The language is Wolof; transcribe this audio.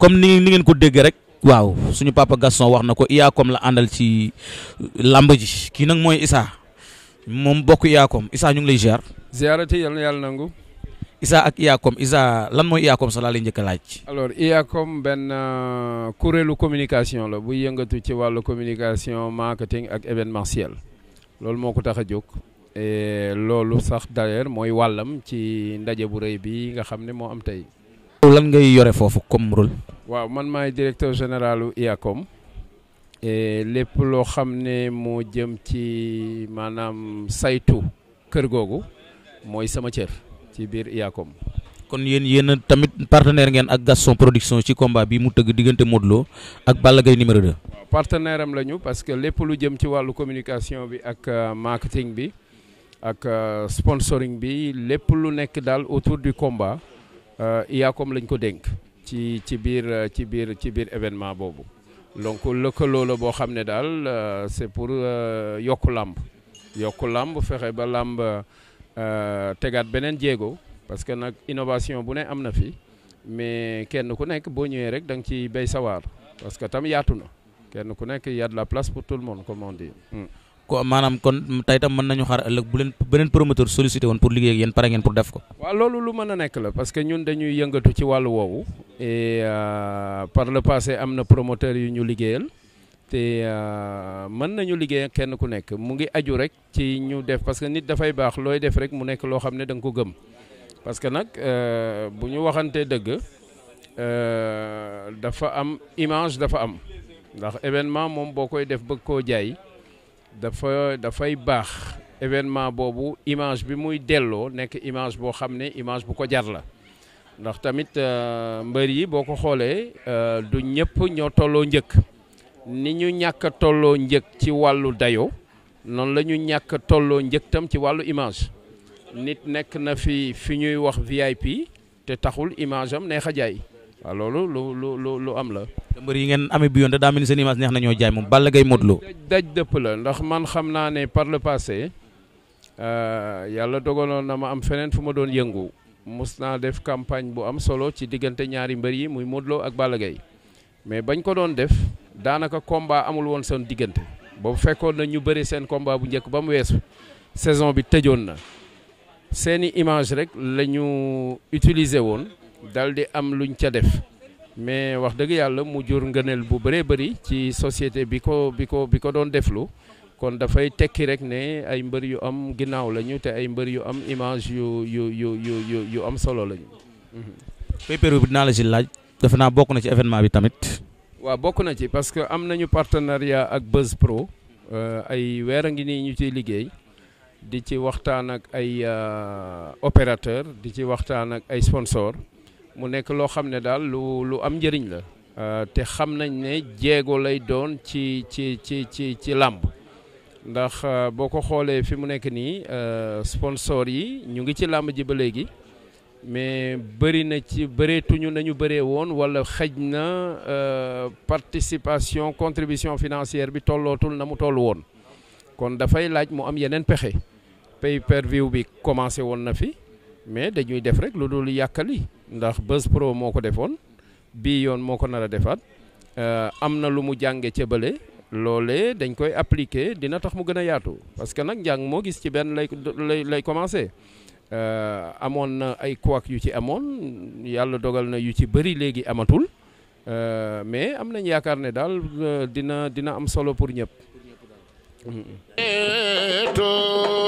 comme ni ni ngeen ko dégg rek waaw suñu papa Gaston wax na ko IACOM la àndal ci euh, làmb ji kii nag mooy Issa moom bokk IACOM Issa ñu ngi lay ziar. ziarati yal na yàlla nangu. Issa ak IACOM Issa lan mooy IACOM sax laa lay njëkk laaj. alors IACOM benn euh, kuréelu communication la buy yëngatu ci wàllu communication marketing ak événementiel loolu moo ko tax a jóg. loolu sax d'ailleurs mooy wàllam ci ndaje bu rëy bi nga xam ne moo am tey. yow lan ngay yore foofu comme rôle. waaw man maay directeur généralu IACOM lépp loo xam ne moo jëm ci maanaam saytu kër googu mooy sama cër ci biir IACOM. kon yéen yéen tamit partenaire ngeen ak Gaston production ci combat bi mu tëgg diggante Modou Lo ak Balla Gaye numéro 2. waaw partenaire am lañu parce que lépp lu jëm ci wàllu communication bi ak euh, marketing bi ak euh, sponsoring bi lépp lu nekk daal autour du combat. Euh, IACOM lañ ko dénk ci ci biir euh, ci biir ci biir événement boobu donc lëkkaloo la boo xam ne daal euh, c'est pour yokk làmb yokk làmb fexe ba làmb tegaat beneen jéego parce que nag innovation bu ne am na fi mais kenn ku nekk boo ñëwee rek da nga ciy béy sawar parce que tam yaatu na kenn ku nekk y a de la place pour tout le monde comme on ko maanaam kon tey tam mën nañu xaar ëllëg bu leen beneen promoteur sollicité woon pour liggéey ak yéen pare ngeen pour def ko. waaw loolu lu mën a nekk la parce que ñun dañuy yëngatu ci wàllu woowu. et euh, par le passé am na promoteur yu ñu liggéeyal. te euh, mën nañu liggéey kenn ku nekk mu ngi aju rek ci ñu def parce que nit dafay baax looy def rek mu nekk loo xam ne danga nga ko gëm parce que nag euh, bu ñu waxantee dëgg dafa am image dafa am ndax événement moom boo koy def bëgg koo jaay dafa dafay baax événement boobu image bi muy delloo nekk image boo xam ne image bu ko jar la ndax tamit euh, mbër yi boo ko xoolee euh, du ñëpp ñoo tolloo njëkk ni ñu ñàkk tolloo njëkk ci wàllu dayoo noonu la ñu ñàkk tolloo njëkk tam ci wàllu image nit nekk na fi fi ñuy wax VIP te taxul image am neex a jaay waaw loolu lu lu lu lu am la. mbër yi ngeen amee bi yoon daa mel ni seen image neex na ñoo jaay moom Balla Gaye Modou Lo. daj dëpp la ndax man xam naa ne par le passé euh, yàlla dogaloon na ma am feneen fu ma doon yëngu mus naa def campagne bu am solo ci diggante ñaari mbër yi muy Modou Lo ak Balla Gaye mais bañ ko doon def daanaka combat amul woon seen diggante boobu fekkoon na ñu bëri seen combat bu njëkk ba mu weesu saison bi tëjoon na seeni image rek la ñu utiliser woon. dal di am lu luñ ca def mais wax dëgg yàlla mu jur ngëneel bu bëree bari ci société bi ko bi ko bi ko doon deflu kon dafay tekki rek ne ay mbër yu am ginnaaw lañu te ay mbër yu am image yu yu yu yu yu am solo lañu. Mhm. pay-per-view bi dinaa la si laaj def naa bokk na ci événement bi tamit. waa bokk na ci parce que am nañu partenariat ak Buzz Pro euh, ay weer a ngi nii ñu ciy liggéey di ci waxtaan ak ay euh, opérateur di ci waxtaan ak ay sponsor mu nekk loo xam ne daal lu lu am njëriñ la euh, te xam nañ ne jéego lay doon ci ci ci ci ci làmb ndax euh, boo ko xoolee fi mu nekk nii euh, sponsor yi ñu ngi ci làmb ji ba léegi mais bëri na ci bëreetuñu nañu bëree woon walla xëj na participation contribution financière bi tollootul na mu toll woon kon dafay laaj mu am yeneen pexe pay per view bi commencé woon na fi mais dañuy def rek lu dul yàkkali ndax Buzz Pro moo ko defoon bii yoon moo ko nar a defaat euh, am na lu mu jànge ca bële loole dañ koy appliquer dina tax mu gën a yaatu parce que nag njàng moo gis ci benn lay lay lay commencé euh, amoon na ay couac yu ci amoon yàlla dogal na yu ci bëri léegi amatul euh, mais am nañ yaakaar ne daal dina dina am solo pour ñëpp. Mm-hmm.